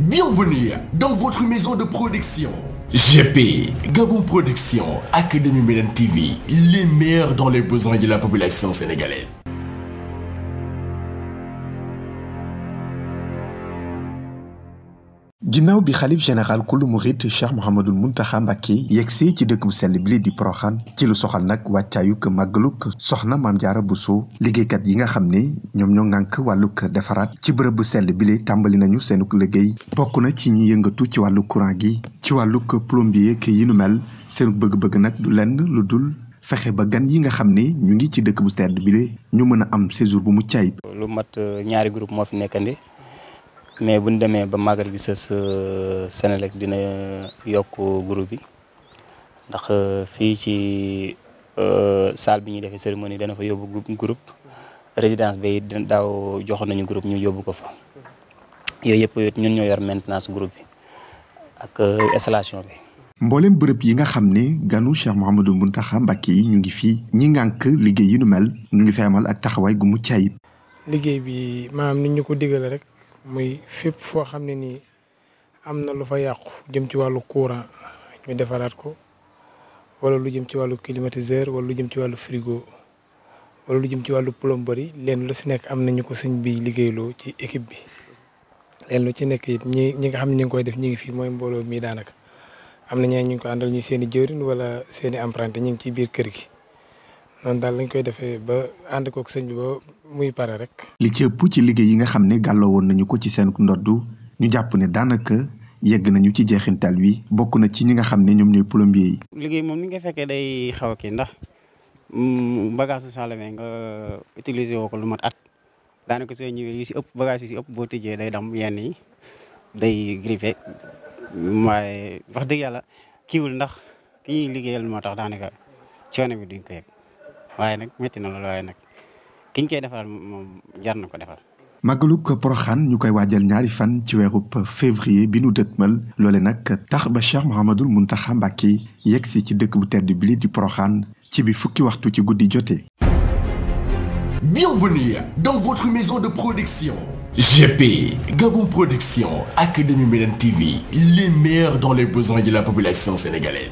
Bienvenue dans votre maison de production. GP, Gabon Production, Académie Médine TV, les meilleurs dans les besoins de la population sénégalaise. ginnaaw bi xalif général kullu murid Cheikh Mouhamadul Mountakha Mbacké yegsee ci dëkk bu sell bi di Poroxaan ci lu soxal nag wàccaayuk màggaluk soxna Maam Jaara Buso liggéeykat yi nga xam ne ñoom ñoo ŋànk wàlluk defaraat ci bërëb bu sell bi tàmbali nañu seenuk liggéey bokk na ci ñi yëngatu ci wàllu courant gi ci wàlluk plombier ki yi nu mel seenuk bëgg-bëgg nag du lenn lu dul fexe ba gan yi nga xam ne ñu ngi ci dëkk bu sedd bi le ñu mën a am séjour bu mucc ayib lu mat euh, ñaari groupe moo fi nekkandi mais bu ñu demee ba màggal gi sës euh, Senelec dina yokk groupe bi ndax euh, fii ci euh, salle bi ñuy defee cérémonie dana fa yóbbu groupe résidence bi it daaw joxoon nañu groupe ñu yóbbu ko fa yooyu yëpp ñun ñoo yor maintenance groupe bi ak installation bi. mboole bërëb yi nga xam ne ganu Cheikh Mouhamadou Mountakha Mbacké yi ñu ngi fii ñi ngànk liggéey yi nu mel ñu ngi fi ak taxawaay gu mucc ayib. liggéey bi maanaam ni ñu ko digale rek muy fépp foo xam ne nii am na lu fa yàqu jëm ci wàllu courant ñu defaraat ko wala lu jëm ci wàllu climatiseur wala lu jëm ci wàllu frigo wala lu jëm ci wàllu plomberie leen lu si nekk am nañu ko sëñ bi liggéeyloo ci équipe bi. leen lu ci nekk it ñi ñi nga xam ne ñu ngi koy def ñu ngi fii mooy mbooloo mii daanaka am na ñeen ñu ngi ko àndal ñu seen i jëwriñ wala seen i ñu ngi ci biir kër gi noonu daal lañ koy defee ba ànd kook sëñ bi muy pare rek. li ci ci liggéey yi nga xam ne gàlloo woon nañu ko ci seen ndoddu ñu jàpp ne daanaka yegg nañu ci jeexintal wi bokk na ci ñi nga xam ne ñoom ñooy plombier yi. liggéey moom ni nga fekkee day xaw a kii ndax mm, bagage su saalame nga utiliser woo ko lu mat at daanaka soo ñëwee yu si ëpp bagage yu si ëpp boo tijjee day dam yenn yi day grippé waaye wax dëgg yàlla kiiwul ndax ki ñuy liggéeyal moo tax daanaka coono bi duñ ko yegg waaye nag métti na loolu ki ñu koy defal moom jar na ko defal. poroxaan ñu koy waajal ñaari fan ci weerub février bi nu dëtmal loole nag tax ba Cheikh Mouhamadul Mountakha Mbacké yegg si ci dëkk bu tedd bi di poroxaan ci bi fukki waxtu ci guddi jotee. Bienvenue dans votre maison de production. GP, Gabon Production, Académie Médine TV, les meilleurs dans les besoins de la population sénégalaise.